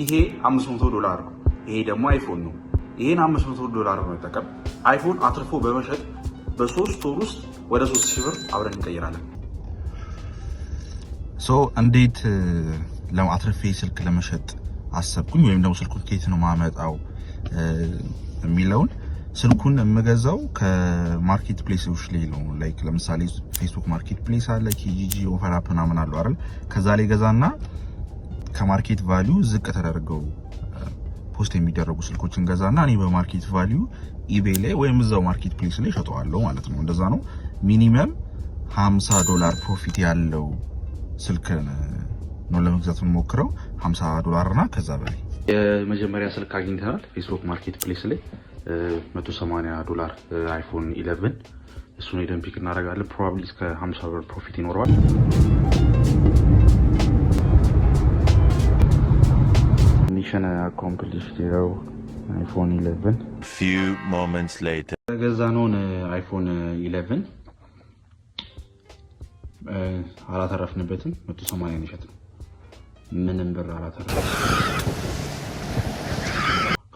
ይሄ 500 ዶላር ነው። ይሄ ደግሞ አይፎን ነው። ይሄን 500 ዶላር በመጠቀም አይፎን አትርፎ በመሸጥ በሶስት ወር ውስጥ ወደ 3000 ብር አብረን እንቀይራለን። ሶ እንዴት ለአትርፌ ስልክ ለመሸጥ አሰብኩኝ ወይም ደግሞ ስልኩን ከየት ነው ማመጣው የሚለውን ስልኩን የምገዛው ከማርኬት ፕሌሶች ላይ ነው። ላይክ ለምሳሌ ፌስቡክ ማርኬት ፕሌስ አለ፣ ኪጂጂ ኦፈር አፕ ምናምን አለው አይደል? ከዛ ላይ ገዛና ከማርኬት ቫሊዩ ዝቅ ተደርገው ፖስት የሚደረጉ ስልኮች እንገዛና እኔ በማርኬት ቫሊዩ ኢቤይ ላይ ወይም እዛው ማርኬት ፕሌስ ላይ ሸጠዋለሁ ማለት ነው። እንደዛ ነው። ሚኒመም 50 ዶላር ፕሮፊት ያለው ስልክን ነው ለመግዛት የምሞክረው 50 ዶላር እና ከዛ በላይ የመጀመሪያ ስልክ አግኝተናል። ፌስቡክ ማርኬት ፕሌስ ላይ 180 ዶላር አይፎን 11 እሱን ሄደን ፒክ እናደርጋለን። ፕሮባብሊ እስከ 50 ዶላር ፕሮፊት ይኖረዋል። ሚሽን አኮምፕሊሽ ይኸው አይፎን ኢሌቭን ፊው ሞመንትስ ሌተር የገዛነውን አይፎን uh, uh, uh, አላተረፍንበትም። መቶ ሰማንያ ነው ምንም ብር አላተረፍ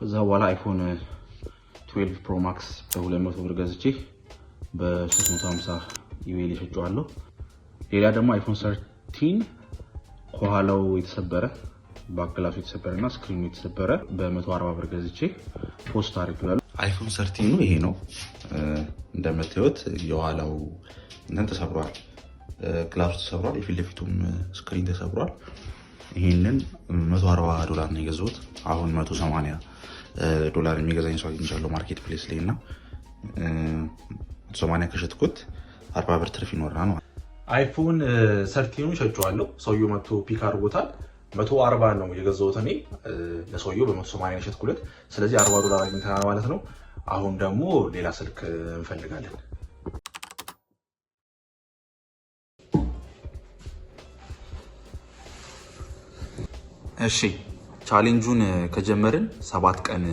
ከዛ በኋላ አይፎን 12 ፕሮ ማክስ በ200 ብር ገዝቼ በ350 ኢሜይል የሸጨዋለሁ። ሌላ ደግሞ አይፎን ሰርቲን ከኋላው የተሰበረ በአገላሱ የተሰበረና ስክሪኑ የተሰበረ በ140 ብር ገዝቼ ፖስት አድርጌዋለሁ። አይፎን ሰርቲኑ ይሄ ነው። እንደምታዩት የኋላው እንትን ተሰብሯል፣ ግላሱ ተሰብሯል፣ የፊት ለፊቱም ስክሪን ተሰብሯል። ይህንን 140 ዶላር ነው የገዛሁት። አሁን 180 ዶላር የሚገዛኝ ሰው አግኝቻለሁ ማርኬት ፕሌስ ላይ እና 180 ከሸጥኩት 40 ብር ትርፍ ይኖራል። አይፎን ሰርቲኑን ሸጬዋለሁ። ሰውየው መጥቶ ፒክ አድርጎታል። መቶ አርባ ነው የገዛሁት እኔ ለሰውየው በመቶ ሰማንያ የሸጥኩለት። ስለዚህ አርባ ዶላር አግኝተናል ማለት ነው። አሁን ደግሞ ሌላ ስልክ እንፈልጋለን። እሺ ቻሌንጁን ከጀመርን ሰባት ቀን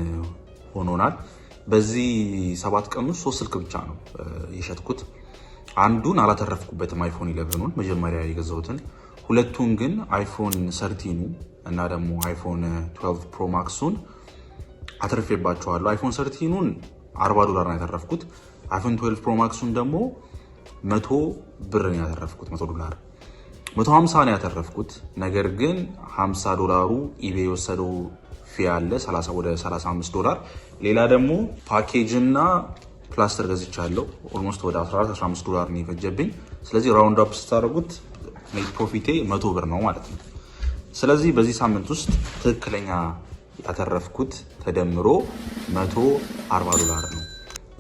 ሆኖናል። በዚህ ሰባት ቀን ውስጥ ሶስት ስልክ ብቻ ነው የሸጥኩት። አንዱን አላተረፍኩበትም፣ አይፎን ኢለቨኑን መጀመሪያ የገዛሁትን። ሁለቱን ግን አይፎን ሰርቲኑ እና ደግሞ አይፎን 12 ፕሮ ማክሱን አትርፌባቸዋለሁ። አይፎን ሰርቲኑን 40 ዶላር ነው ያተረፍኩት። አይፎን 12 ፕሮ ማክሱን ደግሞ መቶ ብር ነው ያተረፍኩት፣ መቶ ዶላር መቶ 50 ነው ያተረፍኩት። ነገር ግን 50 ዶላሩ ኢቤ የወሰደው ፊ ያለ ወደ 35 ዶላር ሌላ ደግሞ ፓኬጅ እና ፕላስተር ገዝቻለሁ። ኦልሞስት ወደ 14 15 ዶላር ነው የፈጀብኝ። ስለዚህ ራውንድ አፕ ስታደርጉት ፕሮፊቴ መቶ ብር ነው ማለት ነው። ስለዚህ በዚህ ሳምንት ውስጥ ትክክለኛ ያተረፍኩት ተደምሮ 140 ዶላር ነው።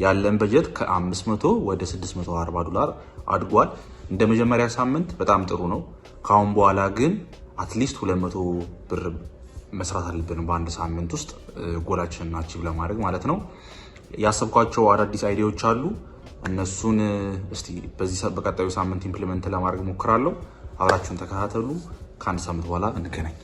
ያለን በጀት ከ500 ወደ 640 ዶላር አድጓል። እንደ መጀመሪያ ሳምንት በጣም ጥሩ ነው። ከአሁን በኋላ ግን አትሊስት 200 ብር መስራት አለብን በአንድ ሳምንት ውስጥ ጎላችንን አቺቭ ለማድረግ ማለት ነው። ያሰብኳቸው አዳዲስ አይዲያዎች አሉ። እነሱን እስቲ በዚህ በቀጣዩ ሳምንት ኢምፕሊመንት ለማድረግ ሞክራለሁ። አብራችሁን ተከታተሉ። ከአንድ ሳምንት በኋላ እንገናኝ።